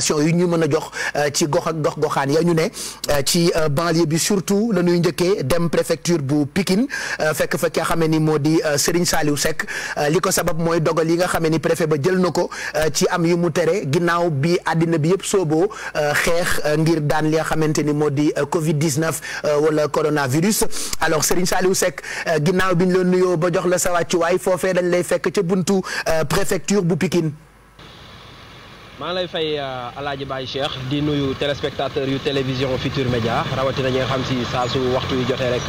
information yi ñu mën a jox euh, ci gox ak gox goxaan ya ñu ne euh, ci euh, banlieue bi surtout la njëkkee dem préfecture bu pikin fekk fa ki nga xam ne ni moo di Serigne Saliou sekk li ko sabab mooy dogal yi nga xam ni préfet ba jël na ko ci am yi mu tere ginnaaw bi àddina bi yëpp sooboo xeex ngir daan li nga xamante ni moo di Covid 19 wala coronavirus. alors Serigne Saliou sekk ginnaaw bi ñu la nuyoo ba jox la sa wàccuwaay foofee dañ lay fekk ca buntu préfecture bu pikin maa lay fay euh, alaaji Baye Cheikh di nuyu téléspectateur yu télévision Futur Média rawatina ñi nga xam si saa su waxtu yu jotee rek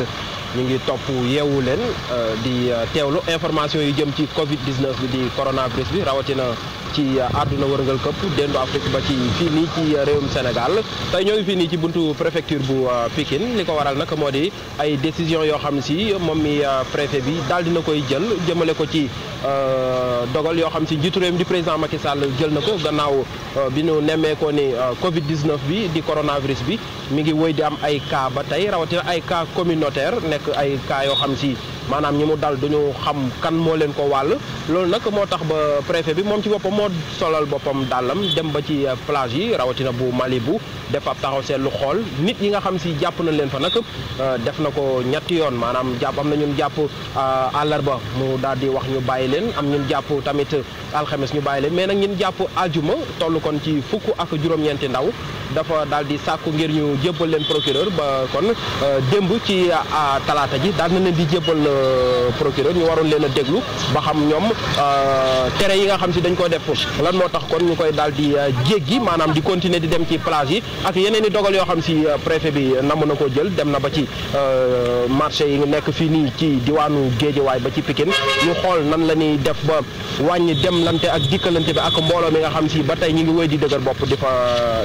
ñu ngi topp yeewu leen euh, di euh, teewlu information yu jëm ci Covid 19 bi di coronavirus bi rawatina. ci àdduna wërngal këpp dendu Afrique ba ci fii nii ci réewum Sénégal tey ñoo ngi fii nii ci buntu préfecture bu euh, pikin li ko waral nag moo di ay décision yoo xam si moom mi euh, préfet bi daal dina koy jël jëmale ko ci euh, dogal yoo xam si njiitu réew mi di président Macky sàll jël na ko gannaaw bi ñu nemmeekoo ni Covid 19 bi di coronavirus bi mi ngi woy di am ay kaa ba tey rawatina ay kaa communautaire nekk ay cas yoo xam si. maanaam ñi mu dal duñu xam kan moo leen ko wàll loolu nag moo tax ba préfet bi moom ci boppam moo solal boppam dàllam dem ba ci euh, plage yi rawatina bu Mali bu def ab taxaw seetlu xool nit ñi nga xam si jàpp nañ leen fa nag euh, def na ko ñetti yoon maanaam jàpp am na ñun jàpp euh, àllarba mu daal di wax ñu bàyyi leen am ñun jàpp tamit alxames ñu bàyyi leen mais nag ñun jàpp aljuma toll kon ci fukk ak juróom-ñeenti ndaw dafa daal di sàkku ngir ñu jébbal leen procureur ba kon euh, démb ci euh, talaata ji daal na leen di jébbal euh, procureur ñu waroon leen a déglu ba xam ñoom tere yi nga xam si dañ ko def lan moo tax kon ñu koy daal di jéggi maanaam di continuer di dem ci plage yi ak yeneen i dogal yoo xam si préfet bi namm na ko jël dem na ba ci marché yi nekk fii nii ci diwaanu Géejawaay ba ci Pikine ñu xool nan la ñuy def ba wàññi demlante ak dikkalante bi ak mbooloo mi nga xam si ba tey ñu ngi wéy di dëgër bopp di fa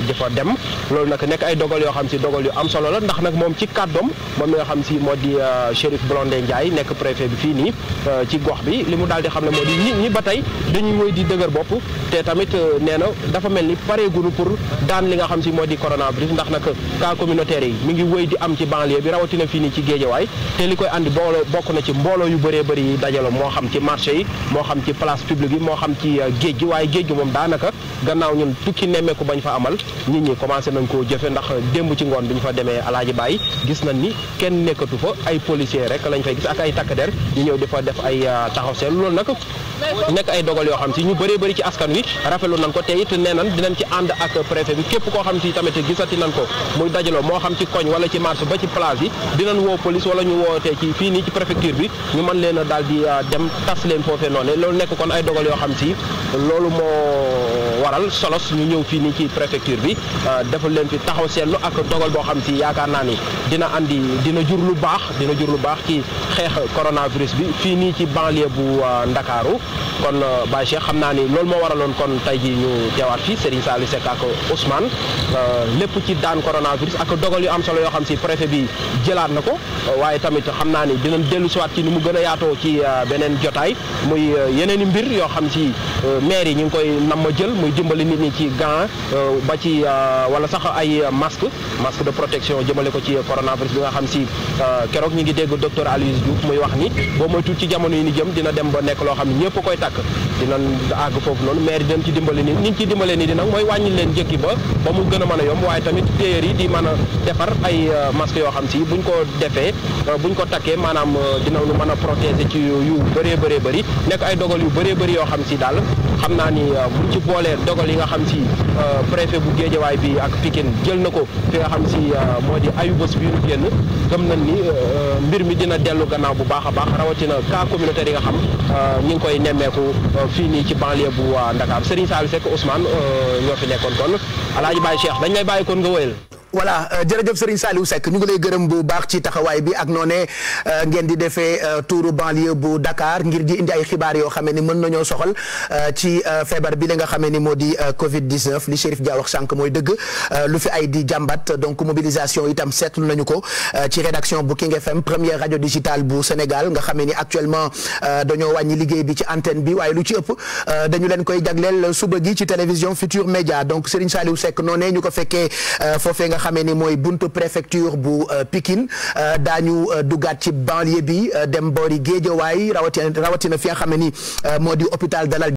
di fa dem loolu nag nekk ay dogal yoo xam si dogal yu am solo la ndax nag moom ci kàddoom moom mi nga xam si moo di euh, Chérif Blondin njaay nekk préfet bi fii nii euh, ci gox bi li mu daal di xam ne moo di ñi ba tey dañuy wéy di dëgër bopp te tamit euh, nee na dafa mel ni pareegunu pour daan li nga xam si moo di coronavirus ndax nag cas communautaire yi mi ngi wéy di am ci banlieue bi rawatina fii nii ci Géejawaay te li koy andi boolo bokk na ci mbooloo yu bëree bëri yi dajaloo moo xam ci marché yi moo xam ci place publique yi moo xam ci géej gi waaye géej gi moom daanaka gannaaw ñun tukki nemmeeku bañ fa amal nit commencé nañ ko jëfe ndax démb ci ngoon bi ñu fa demee alaaji bàyyi gis nañ ni kenn nekkatu fa ay policiers rek lañ fay gis ak ay takk der ñu ñëw di def ay ah, taxaw seen loolu nag nekk ay dogal yoo xam si ñu bëree bëri ci askan wi rafetlu nañ ko te it nee nañ dinañ ci ànd ak préfet bi képp koo xam si tamit gisati nañ ko muy dajaloo moo xam ci koñ wala ci marché ba ci place yi dinañ woo police wala ñu wootee ci fii nii ci préfecture bi ñu mën leen a daal di euh, dem tas leen foofee noonu loolu nekk kon ay dogal yoo xam si loolu moo waral solos ñu ñëw fii nii ci préfecture bi euh, deful leen fi taxaw seetlu ak dogal boo xam si yaakaar naa ni dina andi dina jur lu baax dina jur lu baax ci xeex coronavirus bi fii nii ci banlieue bu euh, Ndakaaru kon euh, Baye Cheikh xam naa ni loolu moo waraloon kon tey ji ñu teewaat fii Serigne Saliou Seck ak Ousmane euh, lépp ci daan coronavirus ak dogal yu am solo yoo xam si préfet bi jëlaat na ko waaye tamit xam naa ni dina dellu siwaat ci ni mu gën a yaatoo ci euh, beneen jotaay muy yeneen i mbir yoo xam si maire yi ñu ngi koy nam ma jël muy dimbali nit ñi ci gants ba ci wala sax ay masque masque de protection jëmale ko ci coronavirus bi nga xam si keroog ñu ngi dégg docteur Aloyse Diouf wax ni boo moytu ci jamono yi ni jëm dina dem ba nekk loo xam ni ñëpp boo koy takk dinañ àgg foofu noonu maire dinañ ci dimbale ni ñi ci dimbale ni di nag mooy wàññi leen njëkki ba ba mu gën a a yomb waaye tamit téyeer yi di mën a defar ay euh, masque yoo xam si ñu ko defee euh, buñ ko takkee maanaam euh, dinañu mën a protéger ci yu bëree bëree bëri nekk ay dogal yu bëree bari yoo xam si daal xam naa ni euh, bu ci boolee dogal yi nga xam si euh, préfet bu géejawaay bi ak Pikine jël na ko fi nga xam si euh, moo di ayubés bi ñu génn gëm nañ ni mbir mi dina dellu gannaaw bu baax a baax rawatina cas communautaire yi nga xam ñu ngi koy nemmeeku fii nii ci banlieue bu Ndakaar Serigne Saliou Seck Ousmane ñoo fi nekkoon kon Alaaji Baye Cheikh dañ lay bàyyi kon nga wëyal voilà euh, jërëjëf Serigne Saliou sekk ñu ngi lay gërëm bu baax ci taxawaay bi ak noonee euh, ngeen di defee euh, tour banlieue bu dakaar ngir di indi ay xibaar yoo xam ni mën nañoo soxal ci feebar bi la nga xam ni moo di Covid 19 li Chérif Dia wax sànq mooy dëgg lu fi ay di jàmbat donc mobilisation itam seetlu nañu ko ci rédaction bu King FM première radio digitale bu Sénégal nga xam ni actuellement dañoo wàññi liggéey bi ci antenne bi waaye lu ci ëpp dañu leen koy jagleel suba gi ci télévision Média donc Serigne Saliou Seck noonee ñu ko fekkee foofee nga xamee ni mooy buntu préfecture bu euh, Pikine euh, daañu euh, duggaat ci banlieue bi dem boori Géejawaay rawatina rawatina fi nga xam ne ni moo hôpital Dalal